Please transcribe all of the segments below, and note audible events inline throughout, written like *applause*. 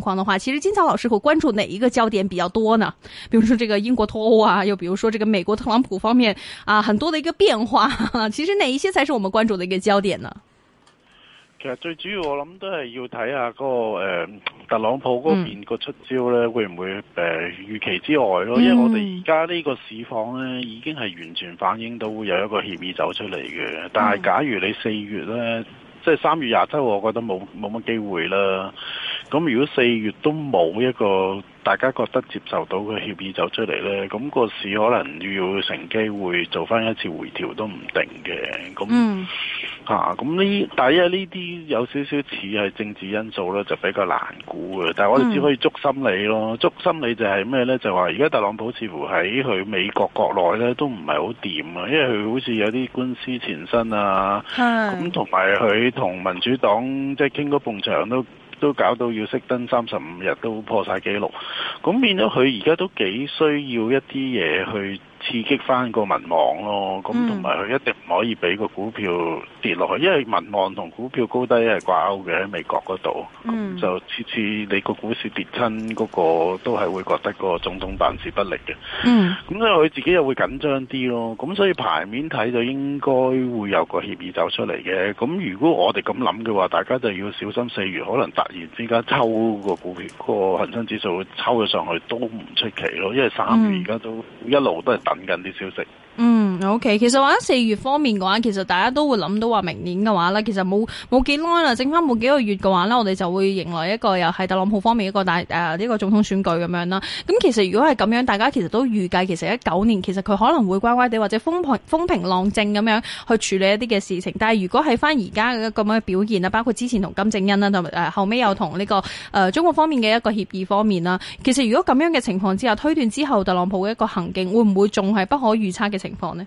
況的話，其實金曹老師會關注哪一個焦點比較多呢？比如說這個英國脫歐啊，又比如說這個美國特朗普方面啊，很多的一個變化，其實哪一些才是我們關注的一個焦點呢？其實最主要我諗都係要睇下嗰、那個誒、呃、特朗普嗰邊個出招咧，嗯、會唔會誒、呃、預期之外咯？因為我哋而家呢個市況咧，已經係完全反映到會有一個協議走出嚟嘅。但係假如你四月咧，即係三月廿七，我覺得冇冇乜機會啦。咁如果四月都冇一個大家覺得接受到嘅協議走出嚟呢，咁、那個市可能要乘機會做翻一次回調都唔定嘅。咁吓，咁呢、嗯啊？但係因為呢啲有少少似係政治因素咧，就比較難估嘅。但係我哋只可以捉心理咯，嗯、捉心理就係咩呢？就話而家特朗普似乎喺佢美國國內呢都唔係好掂啊，因為佢好似有啲官司纏身啊。咁同埋佢同民主黨即係傾嗰埲牆都。都搞到要熄燈，三十五日，都破晒紀錄。咁變咗佢而家都幾需要一啲嘢去刺激翻個民望咯，咁同埋佢一定唔可以俾個股票跌落去，因為民望同股票高低係掛鈎嘅喺美國嗰度。咁、嗯、就次次你個股市跌親嗰、嗰個都係會覺得個總統辦事不力嘅，咁咧佢自己又會緊張啲咯，咁所以牌面睇就應該會有個協議走出嚟嘅，咁如果我哋咁諗嘅話，大家就要小心四月可能突然之間抽個股票、個恒生指數抽咗上去都唔出奇咯，因為三月而家都一路都係。等緊啲消息。嗯。O、okay, K，其實話四月方面嘅話，其實大家都會諗到話明年嘅話呢，其實冇冇幾耐啦，剩翻冇幾個月嘅話呢，我哋就會迎來一個又係特朗普方面一個大誒呢、呃、個總統選舉咁樣啦。咁、嗯、其實如果係咁樣，大家其實都預計其實一九年，其實佢可能會乖乖地或者風平浪靜咁樣去處理一啲嘅事情。但係如果係翻而家嘅咁嘅表現啊，包括之前同金正恩啦同誒後尾又同呢、這個誒、呃、中國方面嘅一個協議方面啦，其實如果咁樣嘅情況之下，推斷之後特朗普嘅一個行徑會唔會仲係不可預測嘅情況呢？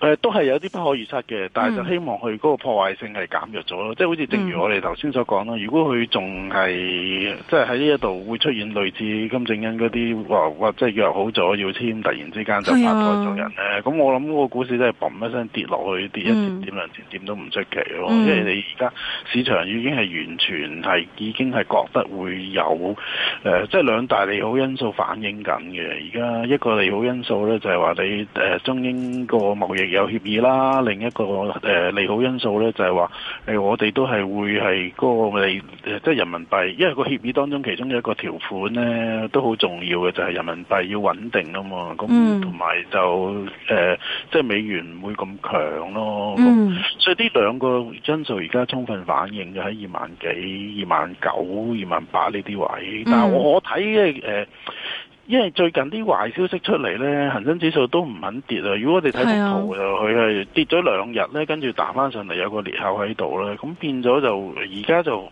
誒都係有啲不可預測嘅，但係就希望佢嗰個破壞性係減弱咗咯。嗯、即係好似正如我哋頭先所講啦，嗯、如果佢仲係即係喺呢一度會出現類似金正恩嗰啲話，即係約好咗要簽，突然之間就拍枱咗人咧，咁、嗯、我諗個股市真係嘣一聲跌落去，跌一千點兩千點都唔出奇咯。嗯、因為你而家市場已經係完全係已經係覺得會有誒、呃，即係兩大利好因素反映緊嘅。而家一個利好因素咧就係、是、話你誒、呃、中英個貿易。有協議啦，另一個誒、呃、利好因素咧就係話誒，我哋都係會係嗰、那個利，即、就、係、是、人民幣，因為個協議當中其中一個條款咧都好重要嘅，就係、是、人民幣要穩定啊嘛。咁同埋就誒，即、呃、係、就是、美元唔會咁強咯。嗯、咁所以呢兩個因素而家充分反映咗喺二萬幾、二萬九、二萬八呢啲位。但係我、嗯、我睇咧、呃因為最近啲壞消息出嚟呢，恒生指數都唔肯跌啊！如果我哋睇幅圖佢係跌咗兩日呢，跟住彈翻上嚟有個裂口喺度咧，咁變咗就而家就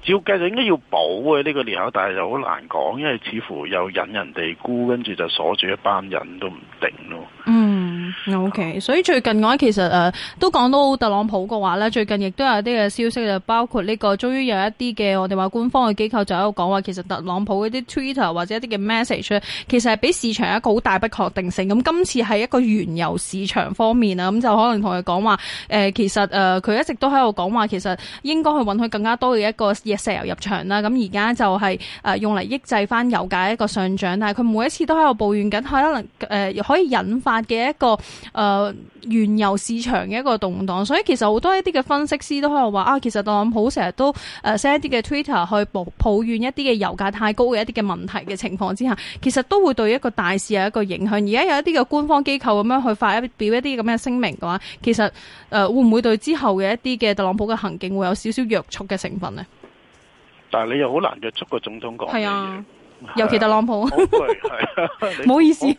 照計就應該要補嘅呢個裂口，但係就好難講，因為似乎又引人哋沽，跟住就鎖住一班人都唔定咯。 *noise* O、okay, K，所以最近我其實誒、呃、都講到特朗普嘅話咧，最近亦都有啲嘅消息，就包括呢、這個終於有一啲嘅我哋話官方嘅機構就喺度講話，其實特朗普嗰啲 Twitter 或者一啲嘅 message 其實係俾市場一個好大不確定性。咁今次係一個原油市場方面啊，咁就可能同佢講話，誒、呃、其實誒佢、呃、一直都喺度講話，其實應該去允許更加多嘅一個嘅石油入場啦。咁而家就係、是、誒、呃、用嚟抑制翻油價一個上漲，但係佢每一次都喺度抱怨緊，可能誒、呃、可以引發嘅一個。誒、呃，原油市場嘅一個動盪，所以其實好多一啲嘅分析師都可以話啊，其實特朗普成日都誒 send、呃、一啲嘅 Twitter 去抱抱怨一啲嘅油價太高嘅一啲嘅問題嘅情況之下，其實都會對一個大市有一個影響。而家有一啲嘅官方機構咁樣去發一表一啲咁嘅聲明嘅話，其實誒、呃、會唔會對之後嘅一啲嘅特朗普嘅行徑會有少少約束嘅成分呢？但係你又好難約束個總統講嘢。尤其特朗普，唔好意思，即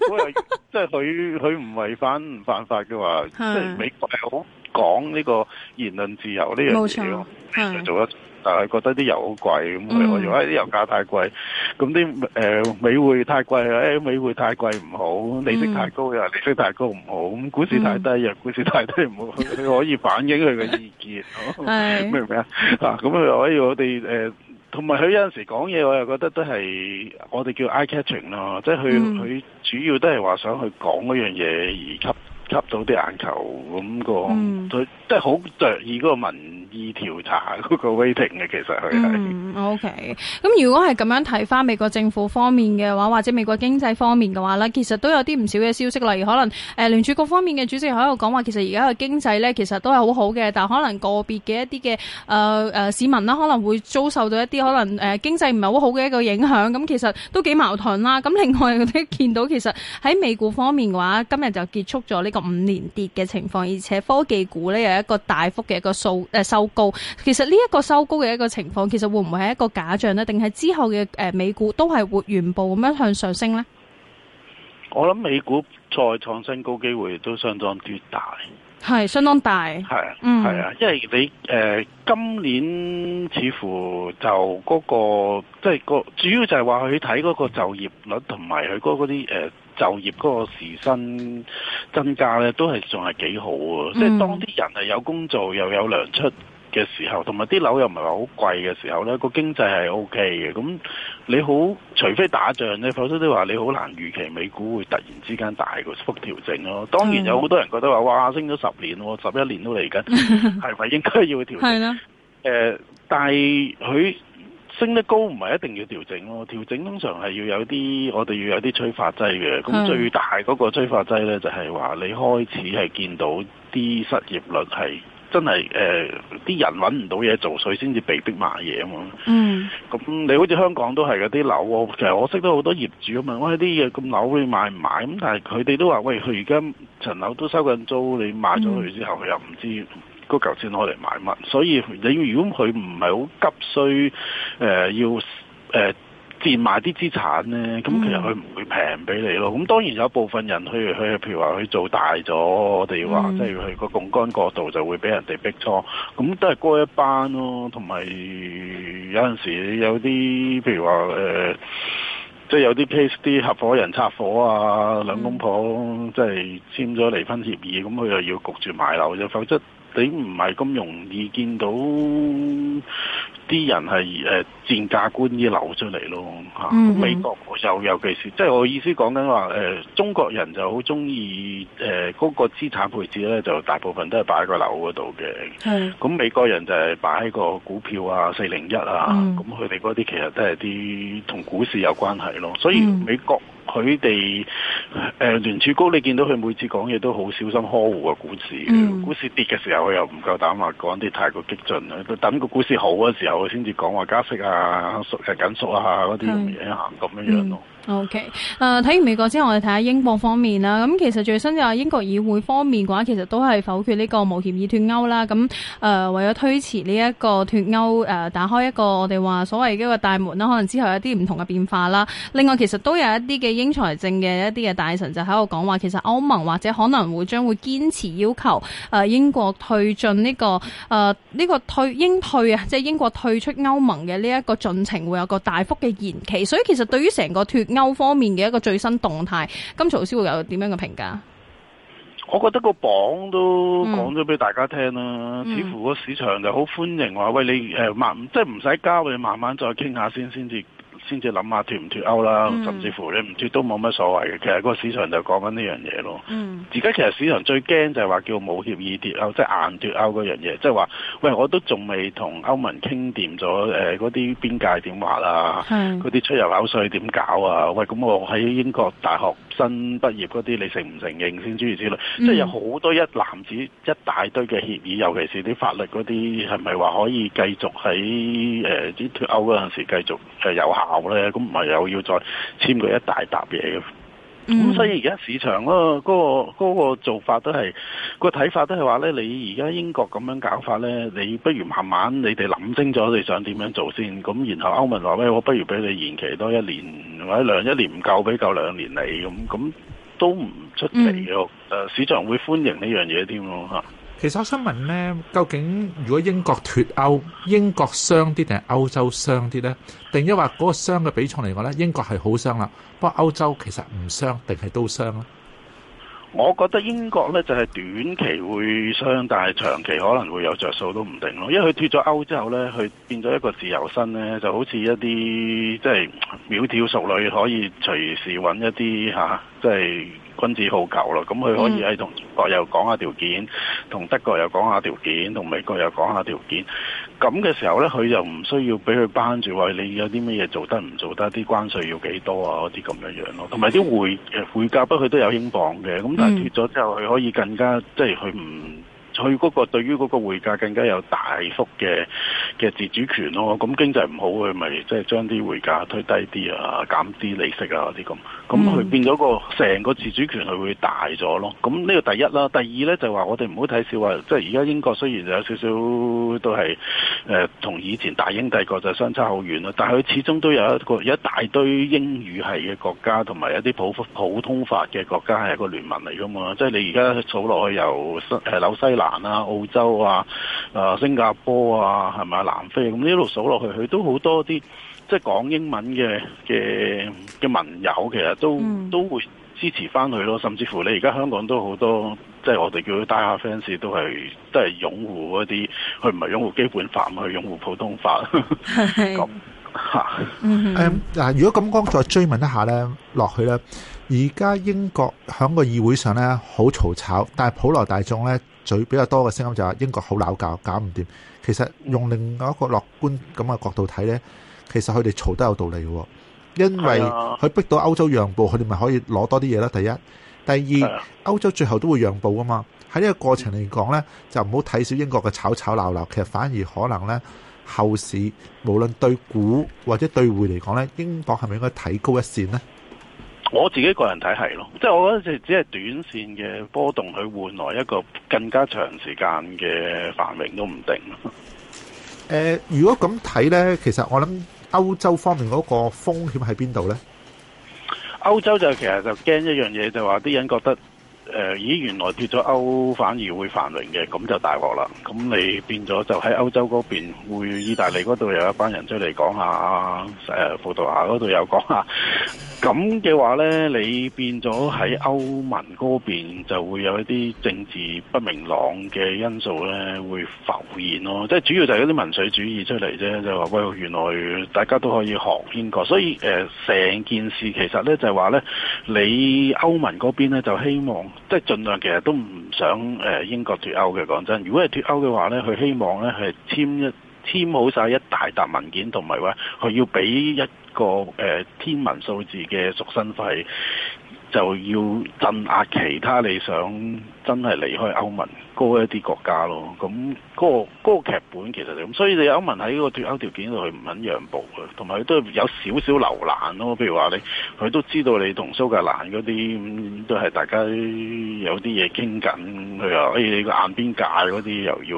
係佢佢唔違反犯法嘅話，即係美國係好講呢個言論自由呢樣嘢咯，做得，但係覺得啲油好貴，咁佢話而家啲油價太貴，咁啲誒美匯太貴啊，美匯太貴唔好，利息太高又利息太高唔好，咁股市太低又股市太低唔好，佢可以反映佢嘅意見，明唔明啊？嗱，咁又可以我哋誒。同埋佢有陣時講嘢，我又覺得都係我哋叫 eye-catching 咯，即係佢佢主要都係話想去講嗰樣嘢而吸吸到啲眼球咁，嗰個，佢、mm。即係好著意嗰個文。依調查嗰個 waiting 嘅，其實佢係 OK。咁如果係咁樣睇翻美國政府方面嘅話，或者美國經濟方面嘅話呢，其實都有啲唔少嘅消息，例如可能誒、呃、聯儲局方面嘅主席喺度講話，其實而家嘅經濟呢，其實都係好好嘅，但可能個別嘅一啲嘅誒誒市民啦，可能會遭受到一啲可能誒、呃、經濟唔係好好嘅一個影響。咁、嗯、其實都幾矛盾啦。咁另外我哋見到其實喺美股方面嘅話，今日就結束咗呢個五年跌嘅情況，而且科技股呢有一個大幅嘅一個數誒、呃收高，其實呢一個收高嘅一個情況，其實會唔會係一個假象呢？定係之後嘅誒美股都係會原步咁樣向上升呢？我諗美股再創新高機會都相當之大，係相當大，係啊，因為你、呃、今年似乎就嗰、嗰個即係、就係嗰個主要就係話佢睇嗰個就業率同埋佢嗰啲誒。呃就業嗰個時薪增加咧，都係仲係幾好喎。即係當啲人係有工作又有糧出嘅時候，同埋啲樓又唔係話好貴嘅時候咧，個經濟係 O K 嘅。咁你好，除非打仗咧，否則都話你好難預期美股會突然之間大幅調整咯。當然有好多人覺得話：哇，升咗十年喎，十一年都嚟緊，係咪 *laughs* 應該要調整？係啦 *laughs* 的。誒、呃，但係佢。升得高唔係一定要調整咯，調整通常係要有啲我哋要有啲催化劑嘅，咁的最大嗰個催化劑呢，就係、是、話你開始係見到啲失業率係真係誒啲人揾唔到嘢做，所以先至被逼賣嘢啊嘛。嗯的，咁你好似香港都係嗰啲樓，其實我識得好多業主啊嘛，我喺啲嘢咁樓你賣唔賣？咁但係佢哋都話喂，佢而家層樓都收緊租，你賣咗佢之後佢又唔知。嗰嚿錢攞嚟買乜？所以你如果佢唔係好急需，誒、呃、要誒賤賣啲資產咧，咁其實佢唔會平俾你咯。咁、嗯、當然有部分人去去，譬如話佢做大咗，我哋話即係佢個槓桿過度就會俾人哋逼倉，咁、嗯、都係嗰一班咯。同埋有陣時有啲譬如話誒，即、呃、係、就是、有啲 case 啲合夥人拆夥啊，兩公婆即係簽咗離婚協議，咁佢又要焗住買樓，就否則。你唔係咁容易見到啲人係誒、呃、賤價沽啲樓出嚟咯嚇、mm hmm. 啊，美國又尤其是，即係我意思講緊話誒，中國人就好鍾意誒嗰個資產配置咧，就大部分都係擺喺個樓嗰度嘅。咁、mm hmm. 美國人就係擺喺個股票啊、四零一啊，咁佢哋嗰啲其實都係啲同股市有關係咯。所以美國。Mm hmm. 佢哋誒聯儲高，你見到佢每次講嘢都好小心呵護個股市，股市、mm. 跌嘅時候佢又唔夠膽話講啲太過激進啊，佢等個股市好嘅時候佢先至講話加息啊、縮係緊縮啊嗰啲咁嘅嘢行咁樣樣咯。Mm. 嗯 O K.，誒睇完美國之後，我哋睇下英國方面啦。咁、嗯、其實最新就係英國議會方面嘅話，其實都係否決呢個無協議脫歐啦。咁、嗯、誒、呃、為咗推遲呢一個脫歐誒、呃，打開一個我哋話所謂嘅一個大門啦，可能之後有啲唔同嘅變化啦。另外，其實都有一啲嘅英財政嘅一啲嘅大臣就喺度講話，其實歐盟或者可能會將會堅持要求誒、呃、英國退進呢、這個誒呢、呃這個退英退啊，即係英國退出歐盟嘅呢一個進程會有個大幅嘅延期。所以其實對於成個脫歐，方面嘅一個最新動態，金曹先會有點樣嘅評價？我覺得個榜都講咗俾大家聽啦，嗯、似乎個市場就好歡迎話喂，你誒、呃、慢，即係唔使交，你慢慢再傾下先先至。先至諗下脱唔脱歐啦，mm. 甚至乎你唔脱都冇乜所謂嘅。其實個市場就講緊呢樣嘢咯。嗯，而家其實市場最驚就係話叫冇協議脱歐、mm.，即係硬脱歐嗰樣嘢，即係話，喂，我都仲未同歐盟傾掂咗誒嗰啲邊界點畫啊，嗰啲、mm. 出入口稅點搞啊？喂，咁我喺英國大學新畢業嗰啲，你承唔承認先？諸如此類，即係有好多一籃子一大堆嘅協議，尤其是啲法律嗰啲，係咪話可以繼續喺誒啲脱歐嗰陣時繼續有效？咁唔係又要再簽佢一大沓嘢嘅，咁所以而家市場咯、嗰個，嗰、嗰個做法都係、嗰個睇法都係話咧，你而家英國咁樣搞法咧，你不如慢慢你哋諗清楚你想點樣做先，咁然後歐盟話咧、欸，我不如俾你延期多一年或者兩一年唔夠俾夠兩年嚟。咁，咁都唔出奇嘅，誒市場會歡迎呢樣嘢添咯嚇。其實我想問咧，究竟如果英國脫歐，英國傷啲定係歐洲傷啲呢？定一話嗰個傷嘅比重嚟講呢，英國係好傷啦，不過歐洲其實唔傷定係都傷咧？我覺得英國呢，就係、係、短期會傷，但係長期可能會有着數都唔定咯，因為佢脫咗歐之後呢，佢變咗一個自由身呢，就好似一啲即係苗條淑女可以隨時揾一啲嚇，即、啊、係。就是君子好求咯，咁、嗯、佢可以喺同英國又講下條件，同德國又講下條件，同美國又講下條件。咁嘅時候呢，佢就唔需要俾佢班住話你有啲乜嘢做得唔做得，啲關稅要幾多啊嗰啲咁樣樣咯。同埋啲匯嘅匯價不佢都有英鎊嘅，咁、嗯、但係脱咗之後，佢可以更加即係佢唔。佢嗰個對於嗰個匯價更加有大幅嘅嘅自主權咯，咁經濟唔好佢咪即係將啲匯價推低啲啊，減啲利息啊嗰啲咁，咁佢變咗個成個自主權佢會大咗咯。咁呢個第一啦，第二咧就係話我哋唔好睇笑話，即係而家英國雖然有少少都係誒同以前大英帝國就相差好遠啦，但係佢始終都有一個有一大堆英語系嘅國家同埋一啲普普通法嘅國家係一個聯盟嚟㗎嘛，即係你而家數落去由新誒紐西蘭。啊、澳洲啊、誒、呃、新加坡啊、係咪南非，咁呢一路數落去，佢都好多啲即係講英文嘅嘅嘅文友，文其實都、嗯、都會支持翻佢咯。甚至乎你而家香港都好多，即、就、係、是、我哋叫佢「Diehard fans 都係都係擁護一啲，佢唔係擁護基本法，去擁護普通法咁。是 *laughs* 吓，誒，嗱，如果咁講，再追問一下咧，落去咧，而家英國喺個議會上咧好嘈吵，但係普羅大眾咧嘴，比較多嘅聲音就話英國好鬧搞搞唔掂。其實用另外一個樂觀咁嘅角度睇咧，其實佢哋嘈都有道理嘅喎，因為佢逼到歐洲讓步，佢哋咪可以攞多啲嘢啦。第一，第二，歐洲最後都會讓步啊嘛。喺呢個過程嚟講咧，就唔好睇小英國嘅吵吵鬧鬧，其實反而可能咧。後市無論對股或者對匯嚟講呢，英國係咪應該睇高一線呢？我自己個人睇係咯，即係我覺得只係短線嘅波動去換來一個更加長時間嘅繁榮都唔定。呃，如果咁睇呢，其實我諗歐洲方面嗰個風險喺邊度呢？歐洲就其實就驚一樣嘢，就話啲人覺得。誒，咦、嗯？原來脱咗歐反而會繁榮嘅，咁就大鑊啦。咁你變咗就喺歐洲嗰邊，會意大利嗰度有一班人出嚟講下，誒、啊，葡萄牙嗰度又講下。咁嘅話呢，你變咗喺歐盟嗰邊就會有一啲政治不明朗嘅因素呢會浮現咯。即係主要就係嗰啲民粹主義出嚟啫，就話喂，原來大家都可以學英國。所以誒，成、呃、件事其實呢，就係、是、話呢，你歐盟嗰邊呢就希望。即係儘量，其實都唔想誒，英國脱歐嘅。講真，如果係脱歐嘅話呢，佢希望呢係簽一簽好晒一大沓文件，同埋話佢要俾一個誒、呃、天文數字嘅贖身費。就要鎮壓其他你想真係離開歐盟嗰一啲國家咯，咁、嗰個、嗰個、劇本其實就咁，所以你歐盟喺個脱歐條件度佢唔肯讓步嘅，同埋都有少少留難咯。譬如話你，佢都知道你同蘇格蘭嗰啲、嗯、都係大家有啲嘢傾緊，佢話，哎，你個硬邊界嗰啲又要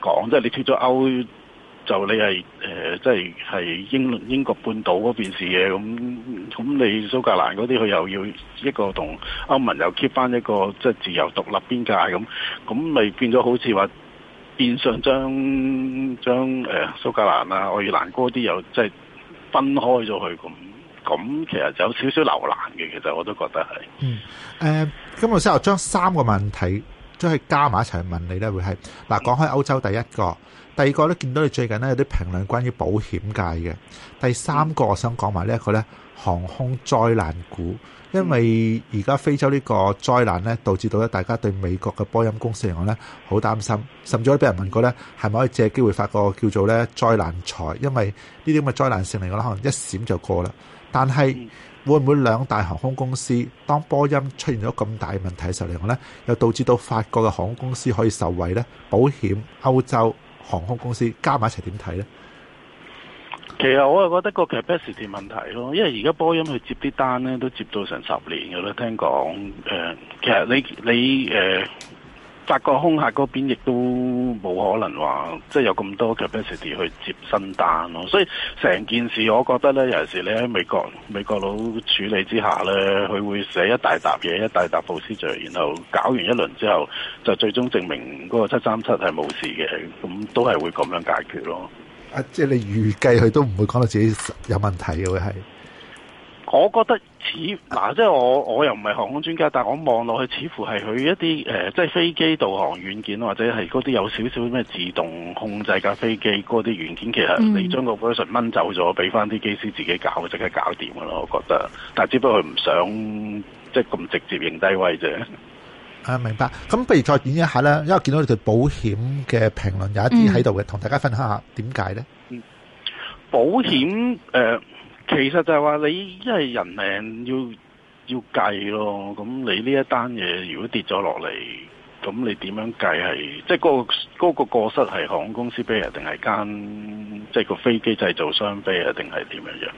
講，即係你脱咗歐。就你係誒，即係係英英國半島嗰邊事嘅，咁咁你蘇格蘭嗰啲，佢又要一個同歐盟又 keep 翻一個即係自由獨立邊界咁，咁咪變咗好似話變相將將誒蘇格蘭啊、愛爾蘭嗰啲又即係分開咗佢。咁，咁其實就有少少留難嘅，其實我都覺得係。嗯，誒、呃，今日先又將三個問題將佢加埋一齊問你咧，會係嗱講開歐洲第一個。第二個咧，見到你最近呢，有啲評論關於保險界嘅。第三個，我想講埋呢一個呢，航空災難股，因為而家非洲呢個災難呢，導致到咧大家對美國嘅波音公司嚟講呢，好擔心，甚至乎俾人問過呢，係咪可以借機會發個叫做呢災難財，因為呢啲咁嘅災難性嚟講可能一閃就過啦。但係會唔會兩大航空公司當波音出現咗咁大問題嘅時候嚟講呢，又導致到法國嘅航空公司可以受惠呢保險歐洲？航空公司加埋一齊點睇呢？其實我又覺得個 capacity 問題咯，因為而家波音佢接啲單呢，都接到成十年嘅啦，聽講誒、呃，其實你你誒。呃法國空客嗰邊亦都冇可能話，即係有咁多 capacity 去接新單咯。所以成件事，我覺得咧，有時你喺美國美國佬處理之下咧，佢會寫一大沓嘢，一大沓布斯序，然後搞完一輪之後，就最終證明嗰個七三七係冇事嘅，咁都係會咁樣解決咯。啊，即係你預計佢都唔會講到自己有問題嘅會係。我覺得似嗱、啊，即係我我又唔係航空專家，但係我望落去，似乎係佢一啲誒、呃，即係飛機導航軟件，或者係嗰啲有少少咩自動控制架飛機嗰啲軟件，其實你將個技術掹走咗，俾翻啲機師自己搞，即係搞掂嘅咯。我覺得，但係只不過佢唔想即係咁直接認低威啫。啊，明白。咁不如再展一下啦。因為見到你對保險嘅評論有一啲喺度嘅，同、嗯、大家分享下點解咧？保險誒。呃其實就係話你，因為人命要要計咯。咁你呢一單嘢如果跌咗落嚟，咁你點樣計係？即係、那、嗰個嗰、那個失係航空公司飛啊，定係間即係個飛機製造商飛啊，定係點樣樣？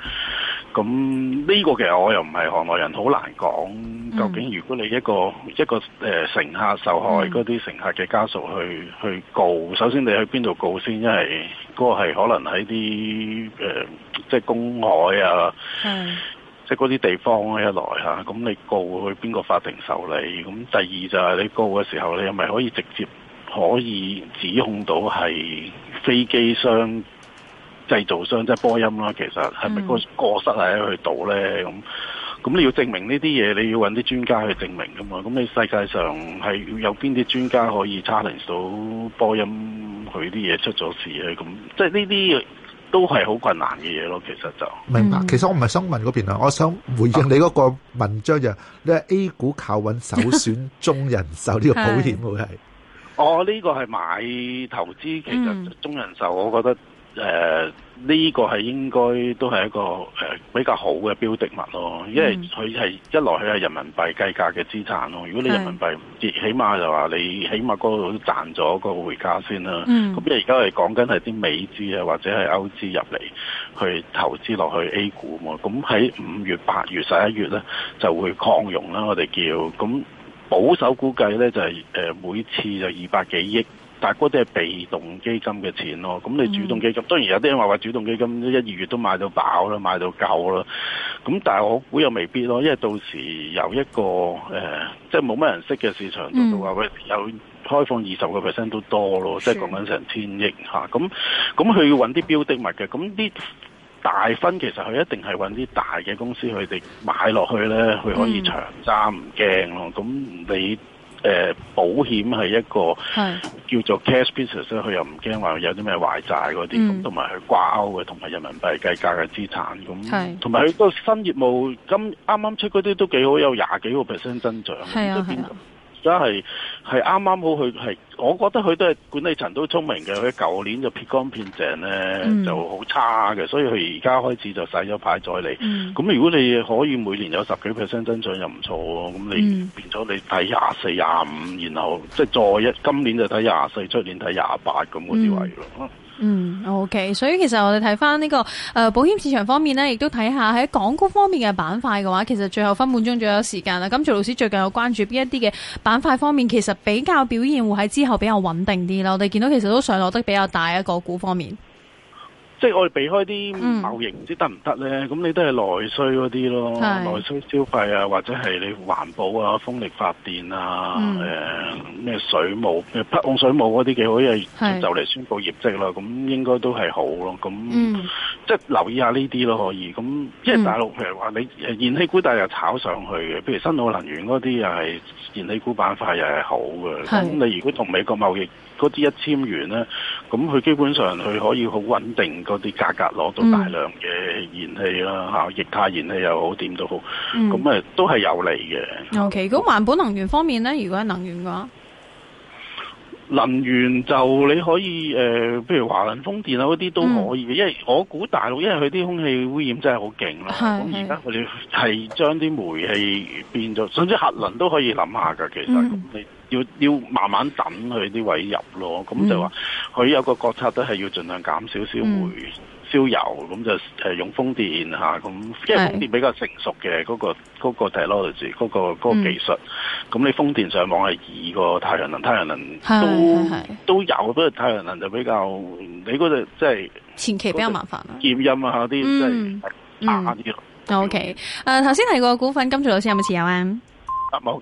咁呢個其實我又唔係行內人，好難講。究竟如果你一個、mm. 一個誒、呃、乘客，受害嗰啲乘客嘅家屬去、mm. 去告，首先你去邊度告先？因為嗰個係可能喺啲誒即係公海啊，mm. 即係嗰啲地方一來嚇，咁、啊、你告去邊個法庭受理？咁第二就係你告嘅時候，你係咪可以直接可以指控到係飛機商？製造商即係波音啦，其實係咪嗰個過失係去佢度咧？咁咁、嗯、你要證明呢啲嘢，你要揾啲專家去證明噶嘛？咁你世界上係有邊啲專家可以查證到波音佢啲嘢出咗事咧？咁即係呢啲都係好困難嘅嘢咯。其實就明白。其實我唔係想問嗰邊啊，我想回應你嗰個文章就係啊、你係 A 股靠揾首選中人壽呢 *laughs* 個保險好係？我呢是、哦呢個係買投資，其實中人壽我覺得、嗯。誒呢、呃這個係應該都係一個誒、呃、比較好嘅標的物咯，因為佢係、嗯、一來佢係人民幣計價嘅資產咯，如果你人民幣唔跌，起碼就話你起碼嗰度都賺咗個回家先啦。咁而家係講緊係啲美資啊或者係歐資入嚟去投資落去 A 股嘛，咁喺五月、八月、十一月咧就會擴容啦，我哋叫咁保守估計咧就係、是、誒、呃、每次就二百幾億。但嗰啲係被動基金嘅錢咯，咁你主動基金、嗯、當然有啲人話話主動基金一二月都買到飽啦，買到夠啦。咁但係我估又未必咯，因為到時由一個誒、呃，即係冇乜人識嘅市場度話喂，嗯、有開放二十個 percent 都多咯，即係講緊成千億嚇。咁咁佢要揾啲標的物嘅，咁啲大分其實佢一定係揾啲大嘅公司佢哋買落去咧，佢可以長揸唔驚咯。咁你。誒保險係一個叫做 cash business 佢又唔驚話有啲咩壞債嗰啲，咁同埋佢掛鈎嘅同埋人民幣計價嘅資產咁，同埋佢個新業務今啱啱出嗰啲都幾好，有廿幾個 percent 增長，啊、都變而家係係啱啱好，佢係我覺得佢都係管理層都聰明嘅。佢舊年、嗯、就撇乾片淨咧，就好差嘅，所以佢而家開始就洗咗牌再嚟。咁、嗯、如果你可以每年有十幾 percent 增長又唔錯喎，咁你、嗯、變咗你睇廿四、廿五，然後即係再一今年就睇廿四，出年睇廿八咁嗰啲位咯。嗯，OK，所以其實我哋睇翻呢個誒、呃、保險市場方面咧，亦都睇下喺港股方面嘅板塊嘅話，其實最後分半鐘左右時間啦。咁徐老師最近有關注邊一啲嘅板塊方面，其實比較表現會喺之後比較穩定啲啦。我哋見到其實都上落得比較大一個股方面。即係我哋避開啲貿易唔知得唔得咧，咁你都係內需嗰啲咯，內需消費啊，或者係你環保啊、風力發電啊、誒咩水務、北控水務嗰啲幾好，因為就嚟宣佈業績啦，咁應該都係好咯。咁即係留意下呢啲咯可以。咁即係大陸譬如話你燃氣股，但又炒上去嘅，譬如新奧能源嗰啲又係燃氣股板塊又係好嘅。咁你如果同美國貿易嗰啲一簽完咧，咁佢基本上佢可以好穩定嗰啲價格攞到大量嘅燃氣啦，吓、嗯啊、液態燃氣又好，點都好，咁誒、嗯、都係有利嘅。尤其講環保能源方面咧，如果係能源嘅話，能源就你可以誒、呃、譬如華能風電啊嗰啲都可以嘅，嗯，因為我估大陸因為佢啲空氣污染真係好勁啦。咁而家我哋係將啲煤氣變咗是，甚至核能都可以諗下嘅，其實。咁你、嗯。要要慢慢等佢啲位入咯，咁就話佢有個決策都係要盡量減少燒煤燒油，咁就誒用風電吓，咁因為風電比較成熟嘅嗰個個個技術，咁你風電上網係以個太陽能，太陽能都都有，不過太陽能就比較你嗰隻即係前期比較麻煩啦，接音啊啲即係難啲咯。OK，誒，頭先提過股份，金柱老師有冇持有啊？冇。